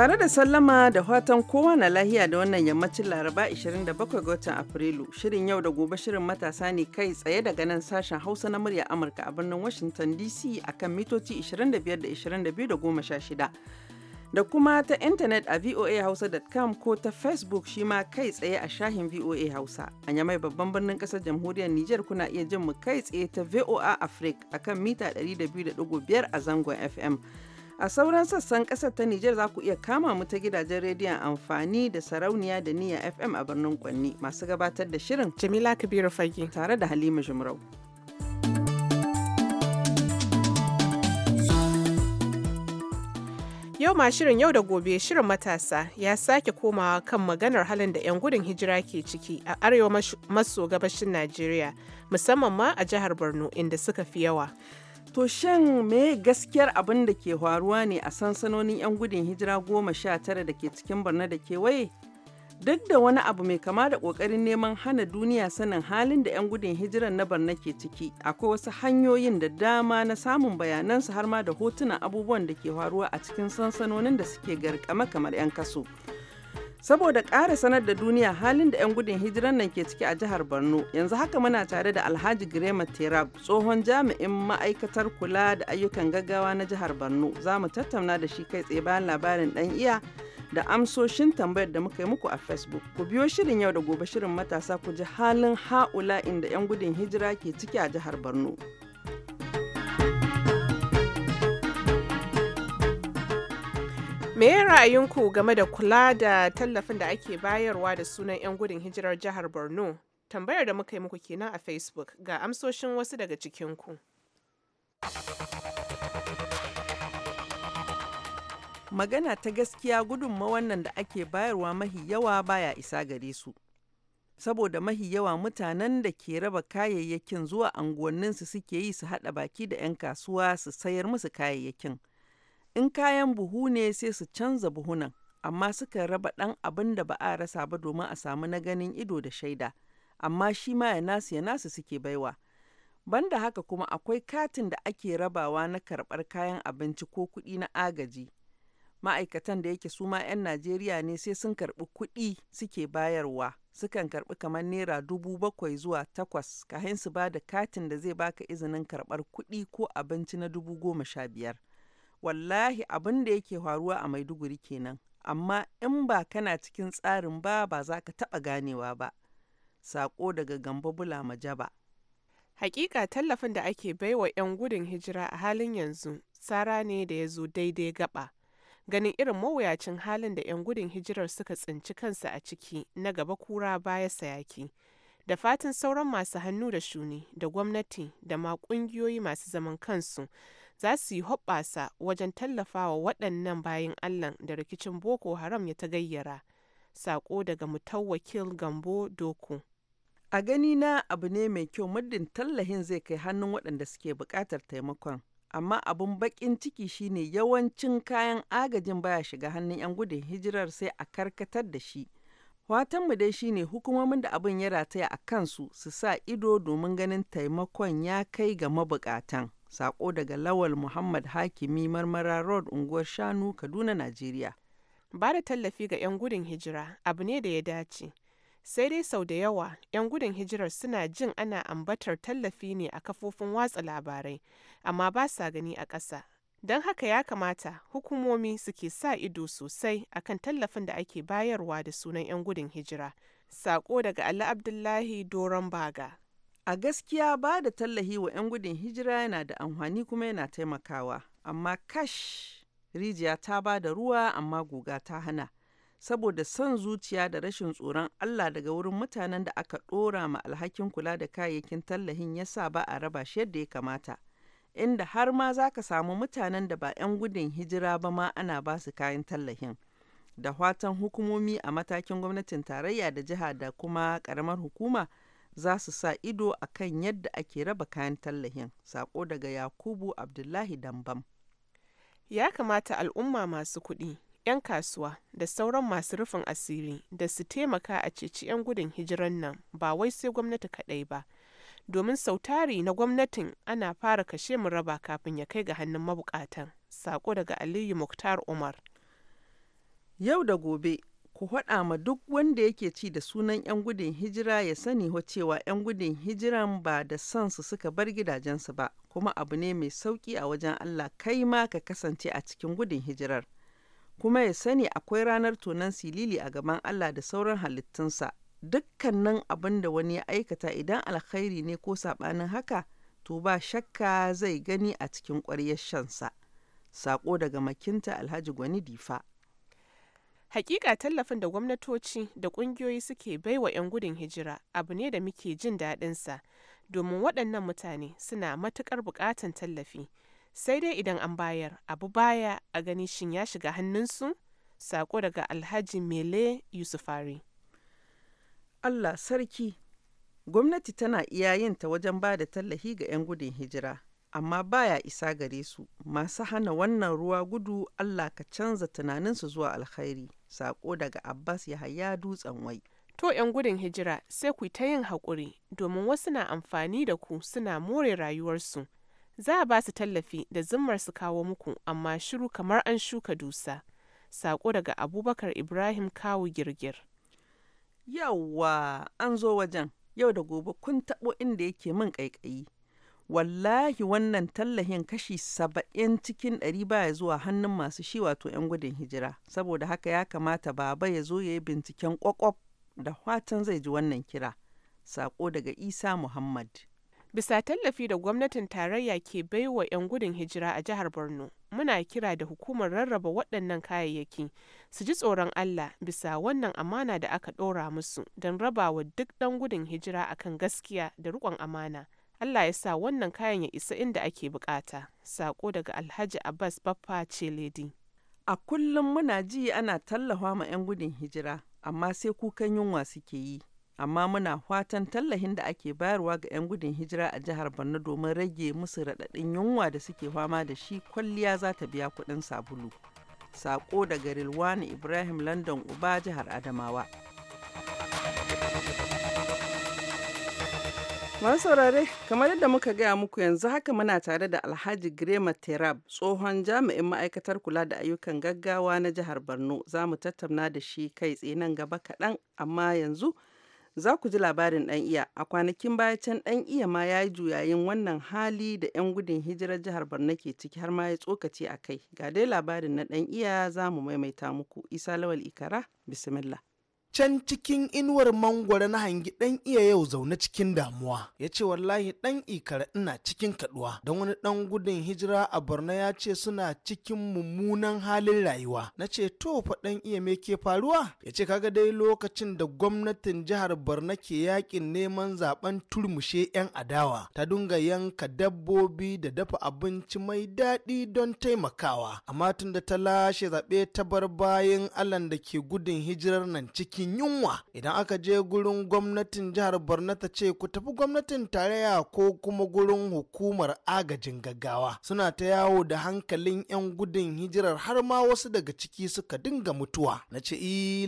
Tare da sallama da fatan kowa na lahiya da wannan yammacin Laraba 27 ga watan Afrilu, shirin yau da gobe shirin matasa ne kai tsaye daga nan sashen Hausa na murya Amurka a birnin Washington DC akan mitoci 25 da 22 da 16. Da kuma ta intanet a voahausa.com ko ta Facebook shi ma kai tsaye a shahin VOA Hausa. A yamai babban birnin kasar jamhuriyar niger kuna iya jin mu kai tsaye ta VOA Africa akan mita 102.5 a zangon FM. A sauran sassan ƙasar ta Nijar za ku iya kama mu ta gidajen rediyon amfani da sarauniya da niyya FM a birnin Kwanni masu gabatar da shirin. Jamila Kabiru Fagi. Tare da Halima Jumrau. Yau ma shirin yau da gobe shirin matasa ya sake komawa kan maganar halin da 'yan gudun hijira ke ciki a arewa maso gabashin Najeriya musamman ma a jihar Borno inda suka fi yawa. To shin me gaskiyar abin da ke faruwa ne a sansanonin 'yan gudun hijira goma sha tara da ke cikin barna da kewaye? Duk da wani abu mai kama da ƙoƙarin neman hana duniya sanin halin da 'yan gudun hijiran na barna ke ciki, akwai wasu hanyoyin da dama na samun bayanansu har ma da hotunan abubuwan da ke faruwa a cikin sansanonin da suke garkama kamar 'yan kaso. saboda ƙara sanar da duniya halin da 'yan gudun hijiran nan ke ciki a jihar Borno. Yanzu haka muna tare da Alhaji Grema Terab, tsohon jami'in ma'aikatar kula da ayyukan gaggawa na jihar Borno. Za mu tattauna da shi kai tsaye bayan labarin dan iya da amsoshin tambayar da muka yi muku a Facebook. Ku biyo shirin yau da gobe shirin matasa ku ji halin ha'ula inda 'yan gudun hijira ke ciki a jihar Borno. Me ra'ayinku game da kula da tallafin da ake bayarwa da sunan 'yan gudun hijirar jihar Borno? Tambayar da muka yi muku kenan a Facebook ga amsoshin wasu daga cikinku. Magana ta gaskiya gudunma nan da ake bayarwa mahi yawa baya isa gare su. Saboda mahi yawa mutanen da ke raba kayayyakin zuwa anguwanninsu suke yi su haɗa baki da 'yan kasuwa su sayar musu kayayyakin. In kayan buhu ne sai su canza buhunan, amma sukan raba ɗan abin da ba a rasa ba domin a samu na ganin ido da shaida, amma shi ma ya nasu ya nasu suke baiwa. Banda haka kuma akwai katin da ake rabawa na karɓar kayan abinci ko kuɗi na agaji. Ma'aikatan da yake suma ma 'yan Najeriya ne sai sun karɓi kuɗi suke bayarwa, sukan karɓi kamar naira dubu bakwai zuwa takwas kahin su ba da katin da zai baka izinin karɓar kuɗi ko abinci na dubu goma sha biyar. wallahi abin da yake faruwa a maiduguri kenan amma in ba kana cikin tsarin ba ba za ka taɓa ganewa ba sako daga gamba bula majaba hakika tallafin da ake baiwa 'yan gudun hijira a halin yanzu tsara ne da ya zo daidai gaba ganin irin mawuyacin halin da 'yan gudun hijirar suka tsinci kansa a ciki na gaba kura baya sayaki da fatan sauran masu hannu da shuni da gwamnati da ma kungiyoyi masu zaman kansu za su yi hoɓɓasa wajen tallafawa waɗannan bayan allah da rikicin boko haram ya ta gayyara sako daga mutawakil gambo doko. a gani na abu ne mai kyau muddin tallahin zai kai hannun waɗanda suke buƙatar taimakon amma abun baƙin ciki shine yawancin kayan agajin baya shiga hannun 'yan gudun hijirar sai a karkatar da shi Fatanmu dai shine hukumomin da abin ya rataya a kansu su sa ido domin ganin taimakon ya kai ga mabukatan. Sako daga Lawal Muhammad Hakimi Marmara Road unguwar Shanu, Kaduna, Najeriya. Ba da tallafi ga 'yan gudun hijira abu ne da ya dace. Sai dai sau da yawa 'yan gudun hijirar suna jin ana ambatar tallafi ne a kafofin watsa labarai, amma ba sa gani a ƙasa. Don haka ya kamata hukumomi suke sa ido sosai akan tallafin da ake bayarwa da sunan 'yan gudun hijira. Sako daga Ali Abdullahi Doron Baga. A gaskiya ba da tallahi wa 'yan gudun hijira yana da amfani kuma yana taimakawa, amma kash! rijiya ta ba da ruwa amma guga ta hana. Saboda son zuciya da rashin tsoron Allah daga wurin mutanen da aka ɗora ma alhakin kula da kayayyakin tallahin ya sa ba a raba shi yadda ya kamata. Inda har ma za ka samu mutanen da ba 'yan gudun hijira ba ma ana ba su kayan tallahin. Da fatan hukumomi a matakin gwamnatin tarayya da jiha da kuma ƙaramar hukuma za su sa ido a kan yadda ake raba kayan tallahin sako daga yakubu abdullahi dambam ya kamata al'umma masu kuɗi 'yan kasuwa da sauran masu rufin asiri da su taimaka a ceci 'yan gudun hijiran nan ba wai sai gwamnati kaɗai ba domin sautari na gwamnatin ana fara kashe mu raba kafin ya kai ga hannun mabukatan sako daga aliyu muktar umar yau da gobe ku haɗa ma duk wanda yake ci da sunan 'yan gudun hijira ya sani wa cewa 'yan gudun hijiran ba da son su suka bar gidajensu ba kuma abu ne mai sauki a wajen Allah kai ma ka kasance a cikin gudun hijirar kuma ya sani akwai ranar tonan silili a gaban Allah da sauran halittunsa dukkanin abin da wani ya aikata idan alkhairi ne ko saɓanin haka to ba shakka zai gani a cikin ƙwaryar shansa. Sako daga makinta Alhaji Gwani Difa. Hakika tallafin da gwamnatoci da kungiyoyi suke baiwa 'yan gudun hijira abu ne da muke jin daɗinsa domin waɗannan mutane suna matuƙar buƙatan tallafi. Sai dai idan an bayar, abu baya a gani shin ya shiga hannunsu? Saƙo daga Alhaji Mele Yusufari. Allah sarki, gwamnati tana iya yinta wajen ba da tallafi ga 'yan gudun hijira. amma baya isa gare su masu hana wannan ruwa gudu Allah ka canza tunaninsu zuwa alkhairi sako daga Abbas Yahaya dutsen wai to 'yan gudun hijira sai ku ta yin haƙuri domin wasu na amfani da ku suna more rayuwarsu za a ba su tallafi da zimmar su kawo muku amma shiru kamar an shuka dusa sako daga abubakar ibrahim kawu girgir yawwa an zo wajen yau da gobe kun taɓo inda yake min ƙaiƙayi wallahi wannan tallahin kashi saba'in cikin ɗari baya zuwa hannun masu shi wato 'yan gudun hijira saboda haka ya kamata baba ya zo ya yi binciken kwakwaf da fatan zai ji wannan kira saƙo daga isa muhammad bisa tallafi da gwamnatin tarayya ke baiwa 'yan gudun hijira a jihar borno muna kira da hukumar rarraba waɗannan kayayyaki su ji tsoron allah bisa wannan amana da aka ɗora musu don rabawa duk ɗan gudun hijira akan gaskiya da riƙon amana Allah ya sa wannan kayan ya isa inda ake bukata. Sako daga Alhaji Abbas Baffa ce ledi. A kullum muna ji ana tallafa ma 'yan gudun hijira, amma sai kukan yunwa suke yi. Amma muna fatan tallahin da ake bayarwa ga 'yan gudun hijira a jihar Borno domin rage musu raɗaɗin yunwa da suke fama da shi kwalliya za ta biya kuɗin sabulu. Sako daga Rilwani Ibrahim London Uba jihar Adamawa. Masu saurare, kamar yadda muka gaya muku yanzu haka muna tare da Alhaji Grema Terab, tsohon jami'in ma'aikatar kula da ayyukan gaggawa na jihar Borno. Za mu tattauna da shi kai tsaye nan gaba kaɗan, amma yanzu za ku ji labarin ɗan iya. A kwanakin baya can ɗan iya ma ya yi juyayin wannan hali da 'yan gudun hijirar jihar Borno ke ciki har ma ya tsokaci a kai. Ga dai labarin na ɗan iya za mu maimaita muku. Isa Lawal Ikara, Bismillah. can cikin inuwar mangwara na hangi dan iya yau zaune cikin damuwa ya ce wallahi dan ikara ina cikin kaduwa don wani dan gudun hijira a borno ya ce suna cikin mummunan halin rayuwa na ce to fa dan iya me ke faruwa ya ce kaga dai lokacin da gwamnatin jihar borno ke yakin neman zaben turmushe yan adawa ta dunga yanka dabbobi da dafa abinci mai daɗi don taimakawa amma tun da ta lashe zaɓe ta bar bayan allan da ke gudun hijirar nan cikin yunwa idan aka je gurin gwamnatin jihar borno ta ce ku tafi gwamnatin tarayya ko kuma gurin hukumar agajin gaggawa suna ta yawo da hankalin 'yan gudun hijirar har ma wasu daga ciki suka dinga mutuwa na ce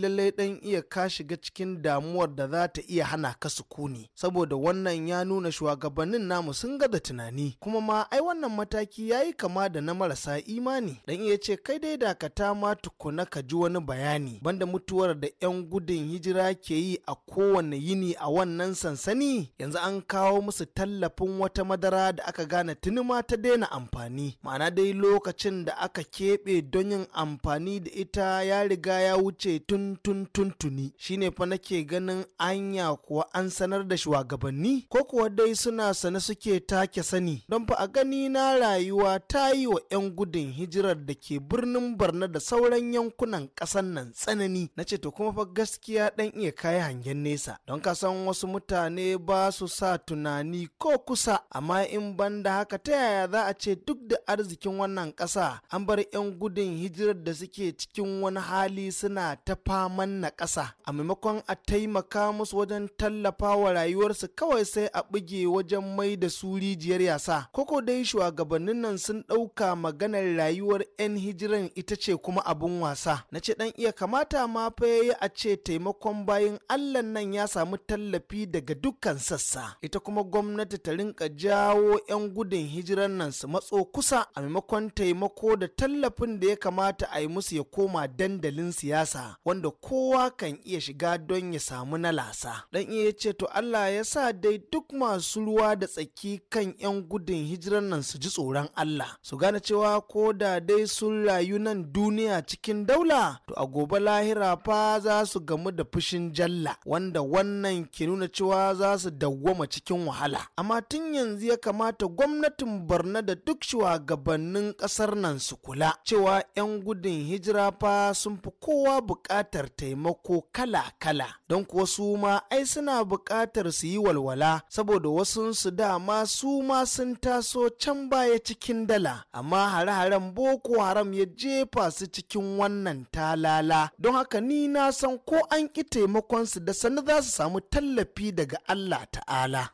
lallai dan iya ka shiga cikin damuwar da za ta iya hana ka sukuni saboda wannan ya nuna shugabannin namu sun ga da tunani kuma ma ai wannan mataki ya yi kama da na marasa imani dan iya ce kai dai dakata ma tukuna ka ji wani bayani banda mutuwar da 'yan gudun gudun hijira ke yi a kowane yini a wannan sansani yanzu an kawo musu tallafin wata madara da aka gane tuni ma ta daina amfani ma'ana dai lokacin da aka keɓe don yin amfani da ita ya riga ya wuce tun tun tun tuni shine fa nake ganin anya kuwa an sanar da shugabanni ko kuwa dai suna sane suke take sani don fa a gani na rayuwa ta yi wa 'yan gudun hijirar da ke birnin barna da sauran yankunan ƙasar nan tsanani na ce to kuma fa gaskiya ɗan iya kayi hangen nesa don ka san wasu mutane ba su sa tunani ko kusa amma in banda haka ta yaya za a ce duk da arzikin wannan ƙasa an bar 'yan gudun hijirar da suke cikin wani hali suna ta faman na ƙasa a maimakon a taimaka musu wajen tallafa wa rayuwarsu kawai sai a buge wajen mai da su rijiyar yasa koko dai shugabannin nan sun ɗauka maganar rayuwar 'yan hijiran ita ce kuma abun wasa na ce dan iya kamata ma fa yayi a ce taimakon bayan Allah nan ya samu tallafi daga dukkan sassa. Ita kuma gwamnati ta rinka jawo 'yan gudun hijirar nan su matso kusa a maimakon taimako da tallafin da ya kamata a yi musu ya koma dandalin siyasa wanda kowa kan iya shiga don ya samu na lasa. Dan iya ce to Allah ya sa dai duk masu ruwa da tsaki kan 'yan gudun hijirar nan su ji tsoron Allah. Su gane cewa ko da dai sun rayu nan duniya cikin daula to a gobe lahira fa za su ga gamu da fushin jalla wanda wannan ke nuna cewa za su dawwama cikin wahala amma tun yanzu ya kamata gwamnatin barna da duk shugabannin kasar nan su kula cewa 'yan gudun hijira fa sun fi kowa buƙatar taimako kala-kala don kuwa su ma ai suna buƙatar su yi walwala saboda wasunsu dama su ma sun taso can baya cikin dala amma hare-haren boko haram ya jefa su cikin wannan talala don haka ni na san ko ko an ƙi taimakonsu da sannu za su samu tallafi daga Allah ta'ala.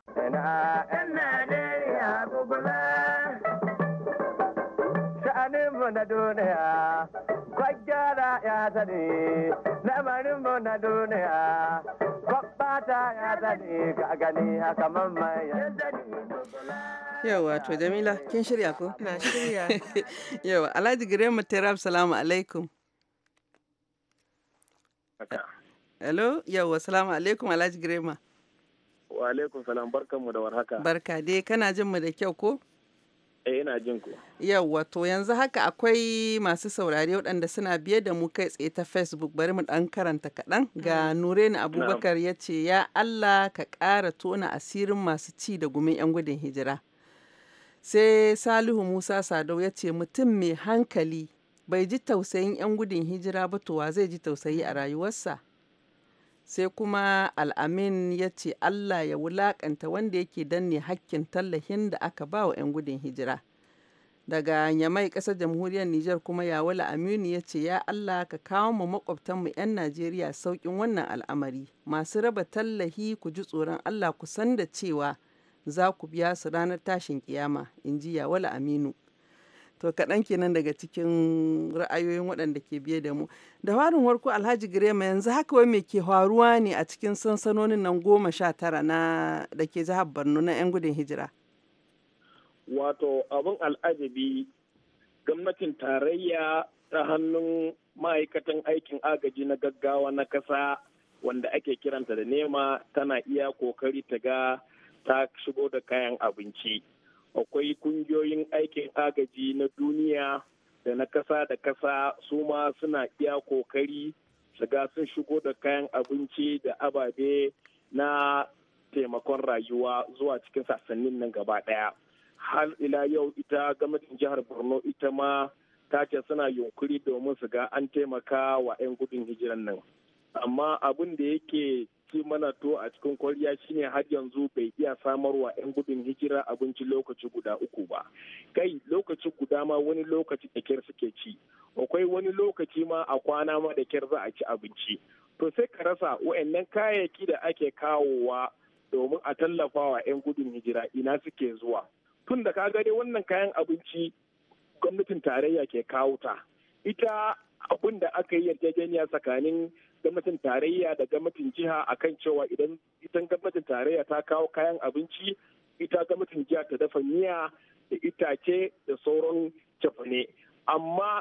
Yawwa yawa to jamila kin shirya ko na shirya yawa alhaji girema terab salamu alaikum Hello, yawwa, salamu alaikum Alhaji Grema. Wa alaikum salam, barkanmu da warhaka. Barka dai, kana jin mu da kyau ko? Eh, ina jin ku. Yawwa, to yanzu haka akwai masu saurare waɗanda suna biye da mu kai tsaye ta Facebook, bari mu ɗan karanta kaɗan. Ga mm. Nureni Abubakar ya ce, Ya Allah ka ƙara tona asirin masu ci da gumin 'yan gudun hijira. Sai Salihu Musa Sadau ya ce, Mutum mai hankali bai ji tausayin 'yan gudun hijira ba to wa zai ji tausayi a rayuwarsa? sai kuma al'amin ya ce allah ya wulakanta wanda yake danne hakkin tallahin da aka ba wa 'yan gudun hijira daga yamai ƙasar jamhuriyar niger kuma yawala aminu ya ce ya allah ka kawo mu makwabtanmu 'yan najeriya sauƙin wannan al'amari masu raba tallahi ku ji tsoron allah ku san da cewa za ku biya su ranar tashin kiyama in ji yawala aminu To kaɗan kenan daga cikin ra'ayoyin waɗanda ke biye da mu. Da farin warko Alhaji Girema yanzu haka wai me ke faruwa ne a cikin sansanonin nan goma sha tara na da ke jihar Borno na 'yan gudun hijira? Wato abin al'ajabi gwamnatin tarayya ta hannun ma'aikatan aikin agaji na gaggawa na ƙasa wanda ake kiranta da nema tana iya kokari ta ga ta shigo da kayan abinci. akwai kungiyoyin aikin agaji na duniya da na kasa da kasa su ma suna iya kokari shiga sun shigo da kayan abinci da ababe na taimakon rayuwa zuwa cikin sassanin nan gaba daya har ila yau ita gwamnatin jihar borno ita ma ta ce suna yunkuri domin su ga an taimaka wa 'yan gudun hijiran nan amma abin da yake ci mana to a cikin kwariya shine har yanzu bai iya samarwa 'yan gudun hijira abinci lokaci guda uku ba kai lokaci guda ma wani lokaci da kyar suke ci akwai wani lokaci ma a kwana ma da kyar za a ci abinci to sai ka rasa wa'annan kayayyaki da ake kawowa domin a tallafawa 'yan gudun hijira ina suke zuwa tun da kaga dai wannan kayan abinci gwamnatin tarayya ke kawo ta ita abin da aka yi yarjejeniya tsakanin gwamnatin tarayya da gwamnatin jiha akan cewa idan idan gwamnatin tarayya ta kawo kayan abinci ita gwamnatin jiha ta dafa miya da itace da sauran cefane amma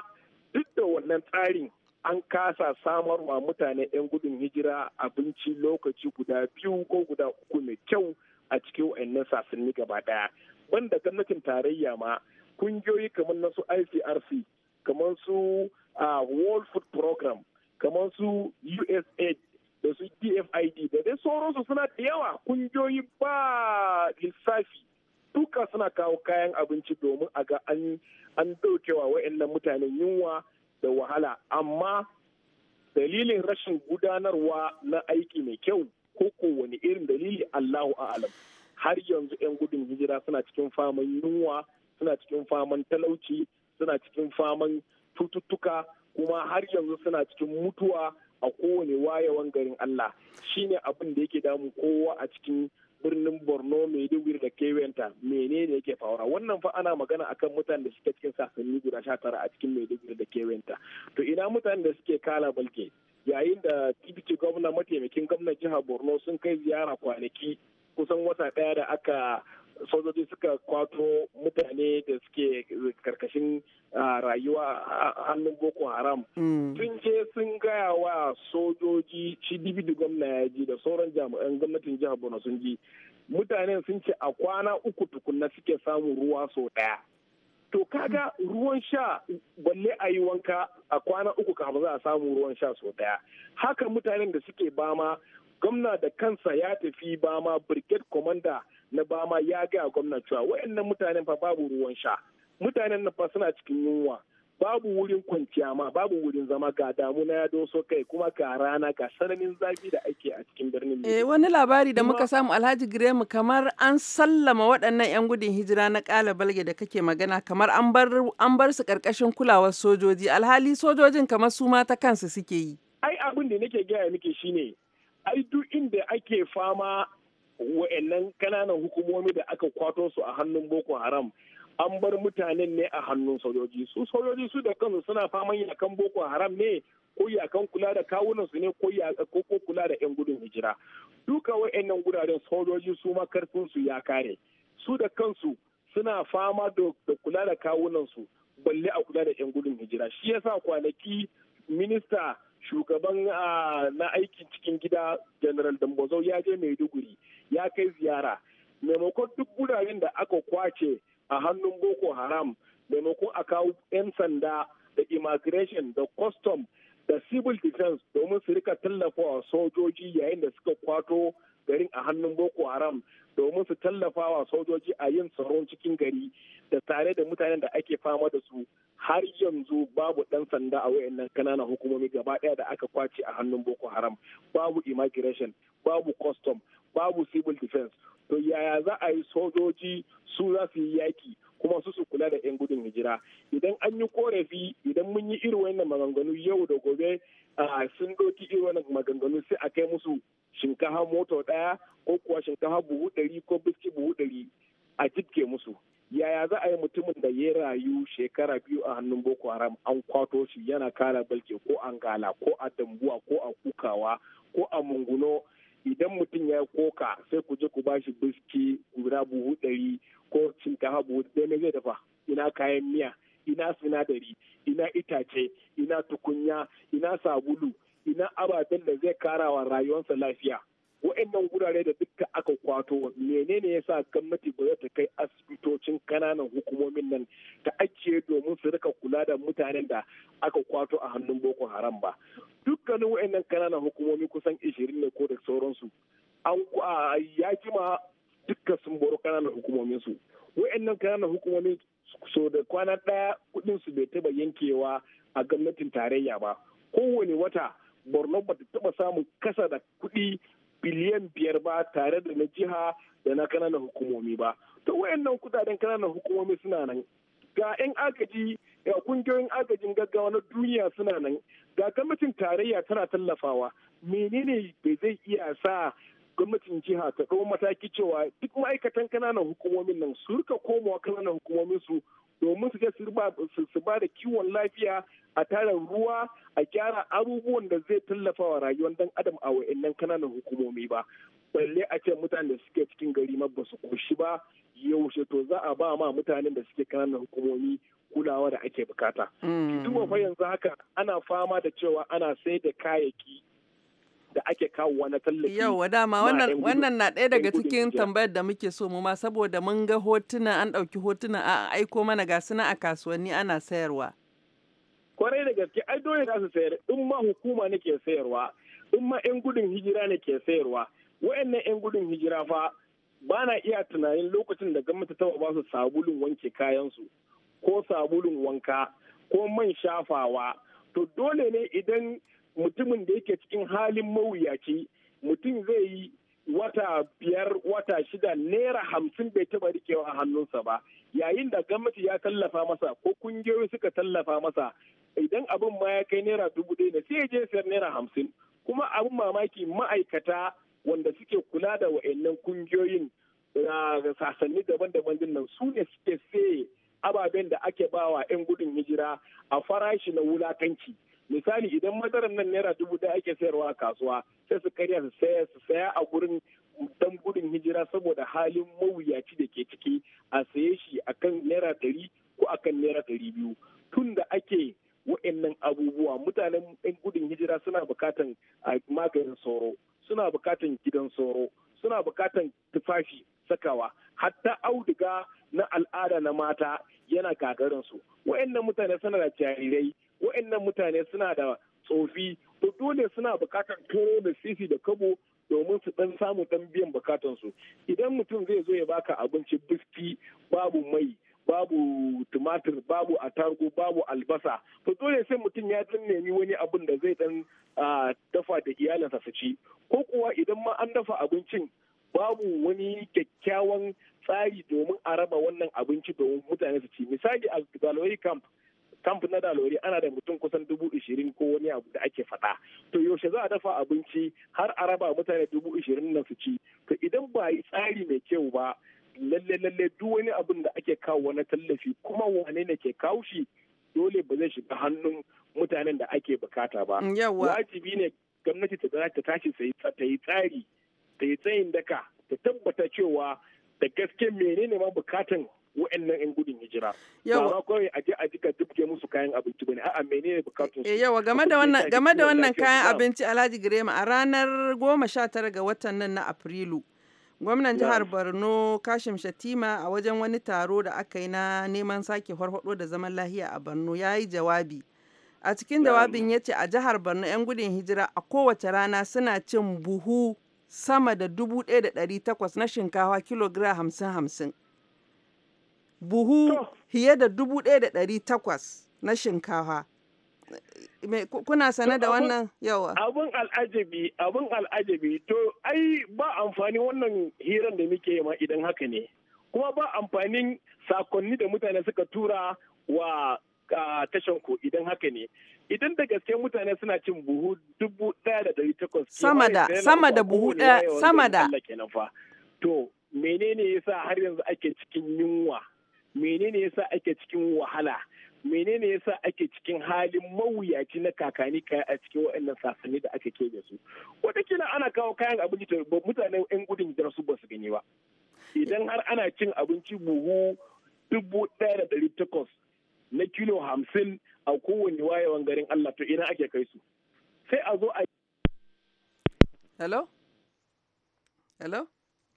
duk da wannan tsarin an kasa samar wa mutane 'yan gudun hijira abinci lokaci guda biyu ko guda uku mai kyau a cikin wa'annan sasanni gaba daya banda gwamnatin tarayya ma kungiyoyi kamar nasu icrc kamar su ah, world food program kamar su USAID da su DFID da dai sauransu suna da yawa kungiyoyi ba lissafi duka suna kawo kayan abinci domin a ga an daukewa wa'annan mutanen yunwa da wahala amma dalilin rashin gudanarwa na aiki mai kyau ko kowane irin dalili Allahu a'alam har yanzu 'yan gudun hijira suna cikin faman yunwa suna cikin faman talauci suna cikin faman cututtuka kuma har yanzu suna cikin mutuwa a kowane wayewan garin Allah shine abin da yake damu kowa a cikin birnin Borno Maiduguri da kewenta menene yake faura wannan fa ana magana akan mutanen da suke cikin sasanni guda sha tara a cikin Maiduguri da kewenta to ina mutanen da suke kala balke yayin da PDP gwamna mataimakin gwamnan jihar Borno sun kai ziyara kwanaki kusan wata daya da aka sojoji suka kwato mutane da suke karkashin rayuwa a hannun boko haram mm. sun je sun gaya wa sojoji shi dibidi gwamna ya ji da sauran jami'an gwamnatin jihar borno sun ji mutanen sun ce a kwana uku tukunna suke samun ruwa sau daya to kaga ruwan sha balle a yi wanka a kwana uku kafin za a samu ruwan sha sau daya haka mutanen da suke bama gwamna da kansa ya tafi bama brigade commander na bama ya ga gwamnatuwa cewa wayannan mutanen fa babu ruwan sha mutanen nan fa suna cikin yunwa babu wurin kwanciya ma babu wurin zama ga damuna ya doso kai kuma ga rana ga sananin zafi da ake a cikin birnin eh wani labari da muka samu Alhaji Giremu kamar an sallama waɗannan yan gudun hijira na kala balge da kake magana kamar an bar an bar su karkashin kulawar sojoji alhali sojojin kamar su ma ta kansu suke yi ai abin da nake gaya miki shine ai duk inda ake fama wa'annan kananan hukumomi da aka kwato su a hannun boko haram an bar mutanen ne a hannun sojoji su sojoji su da kansu suna faman yakan boko haram ne ko yakan kula da kawunan su ne ko ko kula da yan gudun hijira duka wa'annan guraren sojoji su ma karfin su ya kare su da kansu suna fama da kula da kawunan su balle a kula da yan gudun hijira shi yasa kwanaki minista shugaban ah, na aikin cikin gida general dambozo ya je maiduguri ya kai ziyara maimakon duk wuraren da aka kwace a hannun boko haram maimakon a kawo 'yan sanda da immigration da custom da civil defense domin su rika tallafawa sojoji yayin da suka kwato garin a hannun boko haram domin su tallafawa sojoji a yin tsaron cikin gari da tare da mutanen da ake fama da su har yanzu babu dan sanda a wayannan kananan hukumomi gaba daya da aka kwace a hannun boko haram babu immigration babu custom babu civil defense to yaya za a yi sojoji su za su yi yaki kuma su su kula da 'yan gudun hijira idan an yi korafi idan mun yi irin wannan maganganu yau da gobe sun doki irin wannan maganganu sai a kai musu shinkafa mota daya ko kuwa shinkafa buhu ɗari ko biski buhu ɗari a jibke musu yaya za a yi mutumin da ya rayu shekara biyu a hannun boko haram an kwato shi yana kala balke ko an gala ko a dambuwa ko a kukawa ko a munguno idan mutum ya koka sai ku je ku ba shi biski guda buhu ɗari ko shinkafa buhu ɗaya ne zai dafa ina kayan miya ina sinadari ina itace ina tukunya ina sabulu ina ababen da zai wa rayuwarsa lafiya wa'annan wurare da duka aka kwato menene yasa gwamnati ba ta kai asibitocin kananan hukumomin nan ta ajiye domin su rika kula da mutanen da aka kwato a hannun boko haram ba dukkanin wa'annan kananan hukumomi kusan 20 ne ko da sauransu an ya jima dukkan sun boro kananan hukumomin su wa'annan kananan hukumomi so da kwana ɗaya kudin su bai taba yankewa a gwamnatin tarayya ba kowane wata borno ba ta taba samun kasa da kuɗi biliyan biyar ba tare da na jiha da na kananan hukumomi ba to wayannan kudaden kananan hukumomi suna nan ga 'yan agaji ga kungiyoyin agajin gaggawa na duniya suna nan ga gwamnatin tarayya tana tallafawa menene bai zai iya sa gwamnatin jiha ta ɗau mataki cewa duk ma'aikatan kananan hukumomin nan su rika komawa kananan hukumomin su domin su je su ba da kiwon lafiya a tarin ruwa a gyara abubuwan da zai tallafa wa rayuwar dan adam a wa'annan kananan hukumomi ba balle a ce mutanen da suke cikin gari ma ba su koshi ba yaushe to za a ba ma mutanen da suke kananan hukumomi kulawa da ake bukata. Mm. Duba fa yanzu haka ana fama da cewa ana sai da kayayyaki da ake kawo na tallafi. Yauwa dama wannan na ɗaya daga cikin tambayar da muke so mu ma saboda mun ga hotuna an ɗauki hotuna a aiko mana ga suna a kasuwanni ana sayarwa. kwarai da gaske ai dole za su sayar in ma hukuma ne ke sayarwa in ma 'yan gudun hijira ne ke sayarwa wayannan 'yan gudun hijira fa ba na iya tunanin lokacin da gwamnati ta ba su sabulun wanke kayansu ko sabulun wanka ko man shafawa to dole ne idan mutumin da yake cikin halin mawuyaci mutum zai yi wata biyar wata shida naira hamsin bai taba rikewa a hannunsa ba yayin da gwamnati ya tallafa masa ko kungiyoyi suka tallafa masa idan abin ma ya kai naira dubu ɗaya ne sai je sayar naira hamsin kuma abin mamaki ma'aikata wanda suke kula da wa'annan kungiyoyin sasanni daban-daban din nan su ne suke saye ababen da ake bawa 'yan gudun hijira a farashi na wulakanci misali idan madarar nan naira dubu ɗaya ake sayarwa a kasuwa sai su karya su saya su saya a gurin dan gudun hijira saboda halin mawuyaci da ke ciki a saye shi akan naira ɗari ko akan naira ɗari biyu tun da ake wa'annan abubuwa mutanen 'yan gudun hijira suna bukatan ah, maganin sauro suna bukatan gidan sauro suna bukatan tufafi sakawa hatta auduga na al'ada na mata yana gagarinsu wa'annan mutane suna da jarirai wa'annan mutane suna da tsofi to dole suna bukatan toro da sisi da kabo domin su dan samu dan biyan bukatansu idan mutum zai zo ya baka abinci biski babu mai babu tumatir babu atargo babu albasa to dole sai mutum ya dan nemi wani abun da zai dan dafa da iyalinsa su ci ko kuwa idan ma an dafa abincin babu wani kyakkyawan tsari domin a raba wannan abinci domin mutane su ci misali a dalori camp camp na dalori ana da mutum kusan dubu ishirin ko wani abu da ake faɗa to yaushe za a dafa abinci har a raba mutane dubu ishirin nan su ci to idan ba yi tsari mai kyau ba lalle lalle duk wani abin da ake kawo na tallafi kuma wane ne ke kawo shi dole ba zai shiga hannun mutanen da ake bukata ba wajibi ne gwamnati ta ta tashi ta yi tsari ta yi tsayin daka ta tabbata cewa da gaske menene ma bukatan wa'annan 'yan gudun hijira. Yawa. Ba kawai a je a jika dubke musu kayan abinci bane a'a menene bukatun su. Eh, Yawa game da wannan game da wannan kayan abinci Alhaji Girema a ranar goma sha tara ga watan nan na Afrilu. Gwamnan jihar Borno Kashim Shatima a wajen wani taro da aka yi na neman sake farfado da zaman lahiya a Borno ya yi jawabi. A cikin jawabin ya ce a jihar Borno 'yan gudun hijira a kowace rana suna cin buhu sama da 1,800 na shinkawa kilogram hamsin hamsin. Buhu fiye da 1,800 na shinkawa kuna sane da wannan yawa abin al'ajabi abin al'ajabi to ai ba amfani wannan hirar da muke ma idan haka ne kuma ba amfanin sakonni da mutane suka tura wa tashan ku idan haka ne idan da gaske mutane suna cin buhu dubu daya da dari takwas sama da sama da buhu daya sama da to menene yasa har yanzu ake cikin yunwa menene yasa ake cikin wahala menene yasa ake cikin halin mawuyaci na kakani kaya a cikin waɗannan sasanni da aka keɓe su wataƙila ana kawo kayan abinci da mutane 'yan gudun gidan su ba su gani ba idan har ana cin abinci buhu dubu ɗaya da ɗari takwas na kilo hamsin a kowane wayewan garin Allah to idan ake kai su sai a zo a hello hello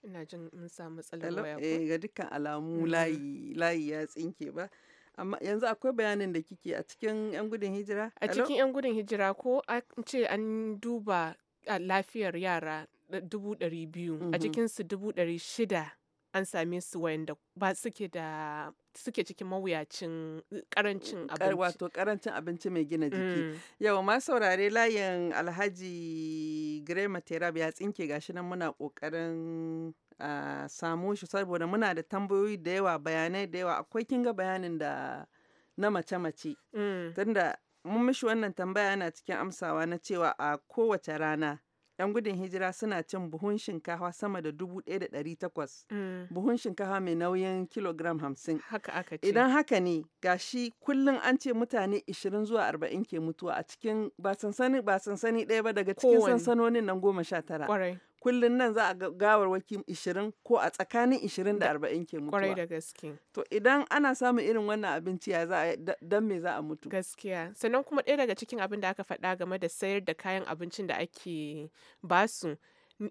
ina jin mun matsalar waya eh ga dukkan alamu layi layi ya tsinke ba amma yanzu akwai bayanin da kike a cikin 'yan gudun hijira a cikin 'yan gudun hijira ko an ce an duba lafiyar yara dubu ɗari biyu a mm-hmm. cikinsu dubu ɗari shida an same su wayanda ba suke da suke cikin mawuyacin karancin eh, abinci. Wato karancin abinci mai gina jiki. Mm. Yau ma saurare layin Alhaji Grema Terab ya tsinke gashi nan muna kokarin uh, ah, samo shi saboda muna da tambayoyi da yawa bayanai da yawa akwai kinga bayanin da na mace-mace. Mm. Tunda mun mishi wannan tambaya na cikin amsawa na cewa a kowace rana 'yan gudun hijira suna cin buhun shinkafa sama da 1,800 mm. buhun shinkafa mai nauyin kilogram 50 haka aka ce idan haka ne gashi kullum an ce mutane 20 zuwa 40 ke mutuwa a cikin ba ba sansani ɗaya ba daga cikin sansanonin nan goma sha tara kullun nan za a ga gawarwaki 20 ko a tsakanin 20 da 40 ke mutuwa. Kwarai da gaske. To idan ana samun irin wannan abinci ya za a dan me za a mutu. Gaskiya. Sannan kuma ɗaya daga cikin abin da aka faɗa game da sayar da kayan abincin da ake basu.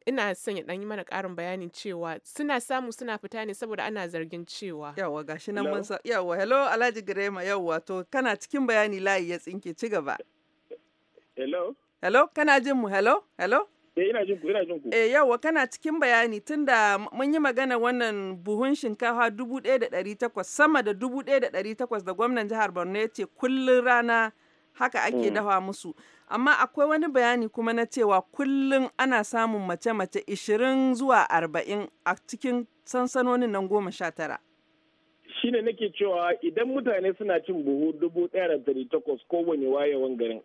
ina son ya yi mana ƙarin bayanin cewa suna samu suna fita ne saboda ana zargin cewa yawa gashi nan mun yawa hello Alhaji Girema yawwa to kana cikin bayani layi ya tsinke ci gaba hello hello kana jin mu hello hello Eh, eh yawa kana cikin bayani tunda mun yi magana wannan buhun shinkafa 1800 sama da 1800 da gwamnan jihar Borno ya ce kullun rana haka ake mm. dafa musu. Amma akwai wani bayani kuma na cewa kullun ana samun mace-mace 20 zuwa 40 a cikin sansanonin nan goma sha tara. shine nake cewa idan mutane suna cin buhu dubu ɗaya da ɗari takwas kowane wayewan garin.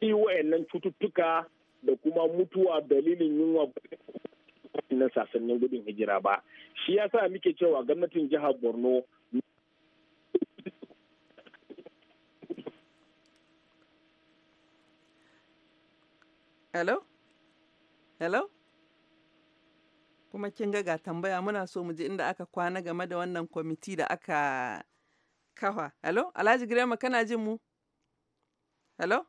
Iwayen nan cututtuka da kuma mutuwa dalilin yunwa na sasannin gudun hijira ba shi ya sa muke cewa gwamnatin jihar borno hello hello kuma kin ga tambaya muna so mu je inda aka kwana game da wannan kwamiti da aka kawa hello alhaji girma kana jin mu hello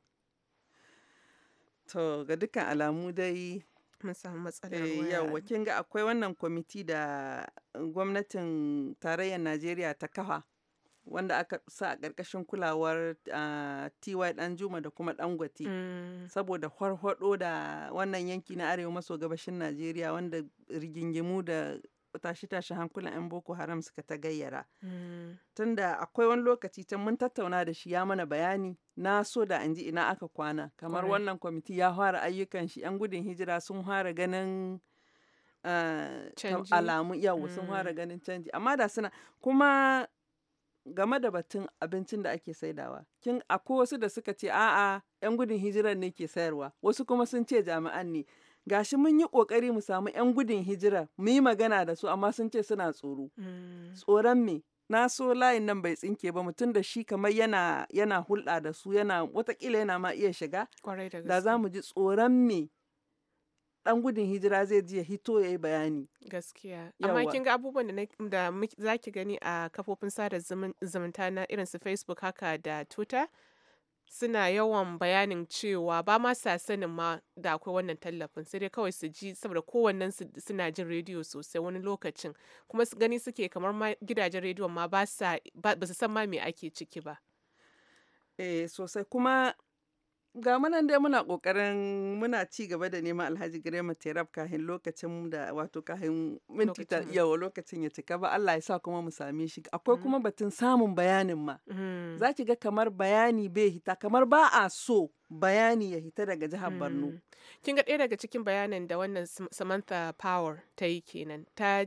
To ga dukkan alamu dai mun samu matsalar eh, Yawwa kin ga akwai wannan kwamiti da gwamnatin tarayyar Najeriya ta kafa wanda aka sa a ƙarƙashin kulawar uh, ah, TY Danjuma da kuma Dangote gwate mm. saboda harhaɗo da wannan yanki na arewa maso gabashin Najeriya wanda rigingimu da tashi-tashi hankulan 'yan boko haram suka ta gayyara mm. tunda akwai wani lokaci can mun tattauna da shi ya mana bayani na so da an ji ina aka kwana kamar wannan kwamiti ya fara ayyukan shi 'yan gudun hijira sun fara ganin eh, alamu yawo sun fara mm. ganin canji amma da suna kuma game da batun abincin da ake saidawa kin akwai wasu da suka ce a'a 'yan gudun hijirar ne ke sayarwa wasu kuma sun ce jami'an ne gashi mun yi ƙoƙari mu samu yan gudun hijira mu yi magana da su amma sun ce suna tsoro mm. tsoron me na so layin nan bai tsinke ba mutum da shi kamar yana yana hulɗa da su yana watakila yana ma iya shiga da za mu ji tsoron me dan gudun hijira zai ji ya hito ya yi bayani gaskiya amma kin ga abubuwan da za ki gani a kafofin sada zumunta na irin su facebook haka da twitter suna yawan bayanin cewa ba ma sa sanin ma da akwai wannan tallafin sai dai kawai su ji saboda kowannen su suna jin rediyo sosai wani lokacin kuma su gani suke kamar ma gidajen rediyon ma ba su san ma me ake ciki ba eh sosai kuma ga munan dai muna kokarin muna ci gaba da neman alhaji girma terab kahin lokacin da wato kahin minti ta yawa lokacin ya cika ba Allah ya sa kuma mu same shi akwai mm. kuma batun samun bayanin ma mm. za ki ga kamar bayani bai hita kamar ba a so bayani ya hita daga jihar Borno. Hmm. Kin ga ɗaya daga cikin bayanin da wannan Samantha Power ta yi kenan ta,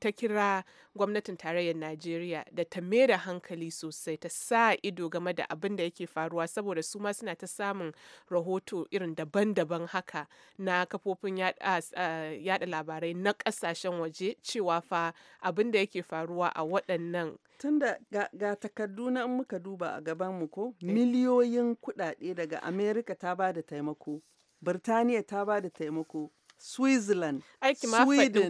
ta kira gwamnatin tarayyar Najeriya da ta da hankali sosai ta sa ido game da abin da yake faruwa saboda su ma suna ta samun rahoto irin daban-daban haka na kafofin yada, labarai na ƙasashen waje cewa fa abin da yake faruwa a waɗannan tunda ga, takardu na muka duba a gaban ko eh. miliyoyin kuɗaɗe daga Amerika Amerika ta ba da taimako, Birtaniya ta ba da taimako, Switzerland, Aiki ma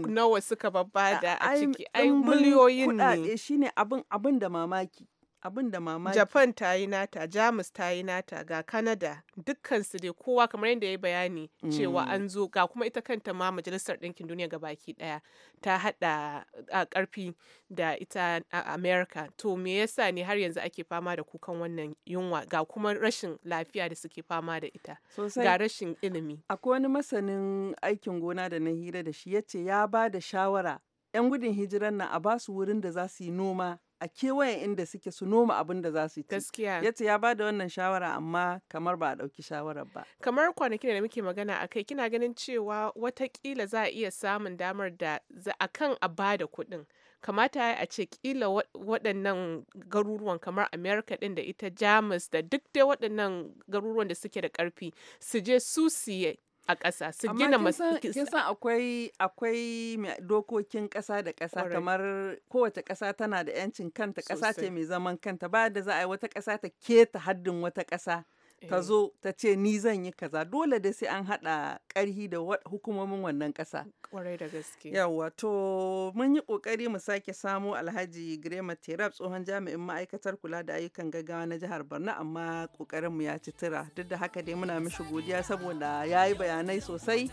nawa suka babba da a ciki, ai miliyoyin ne. Kuɗaɗe shine abin abin da mamaki. abin da mama japan ta yi nata jamus ta yi nata ga canada dukkansu dai kowa kamar yadda ya bayani cewa mm. an zo ga kuma ita kanta ma majalisar ɗinkin duniya ga baki ɗaya ta hada a karfi da ita a america to me yasa ne har yanzu ake fama da kukan wannan yunwa ga kuma rashin lafiya da suke fama da ita ga rashin ilimi akwai wani masanin aikin gona da na hira da shi ya ce ya ba da shawara 'yan gudun hijiran nan a basu wurin da za su yi noma a kewayen inda suke su noma abin da za su ci. Gaskiya. Ya ya ba da wannan shawara amma kamar ba a ɗauki shawarar ba. Kamar kwanakin da muke magana a kai kina ganin cewa watakila za a iya samun damar da a kan a bada kuɗin. Kamata a ce kila waɗannan garuruwan kamar America ɗin da ita Jamus da duk dai waɗannan garuruwan da suke da ƙarfi su je su siye a ƙasa su gina masu kin san akwai akwai dokokin ƙasa da ƙasa kamar kowace ƙasa tana da yancin kanta ƙasa ce mai zaman kanta ba da za a yi wata ƙasa ta keta haddin wata ƙasa ta eh. zo ta ce ni zan yi kaza dole da sai an haɗa ƙarhi da hukumomin wannan ƙasa. Kwarai da gaske. Yawwa to mun yi ƙoƙari mu sake samo Alhaji Grema Terab tsohon jami'in ma'aikatar kula da ayyukan gaggawa na jihar Borno amma kokarin mu ya ci tura duk da haka dai muna mishi godiya saboda ya yi bayanai sosai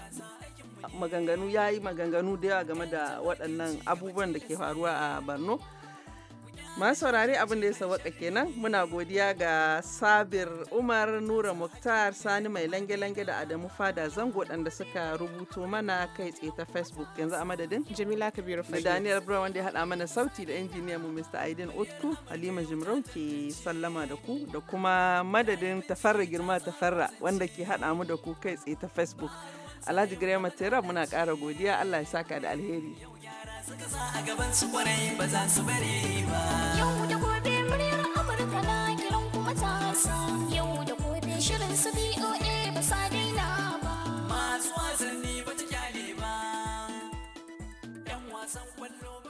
maganganu ya yi maganganu da yawa game da waɗannan abubuwan da ke faruwa a Borno. masu saurari abin da ya sawaka kenan muna godiya ga sabir umar nura muktar sani mai lange-lange da adamu fada zango da suka rubuto mana kai tsaye ta facebook yanzu a madadin jamila kabiru da daniel brown wanda ya haɗa mana sauti da injiniya mu mr aidin utku halima jimrau ke sallama da ku da kuma madadin tafarra girma tafarra wanda ke haɗa mu da ku kai tsaye ta facebook alhaji girma tera muna ƙara godiya allah ya saka da alheri a kwarai su bare ba. Yau da gobe muryar Amurka na kiran kuma ta Yau da gobe shirin su BOA ba sa daina ba. Masu wasanni ba ta kyale ba. 'Yan wasan kwallo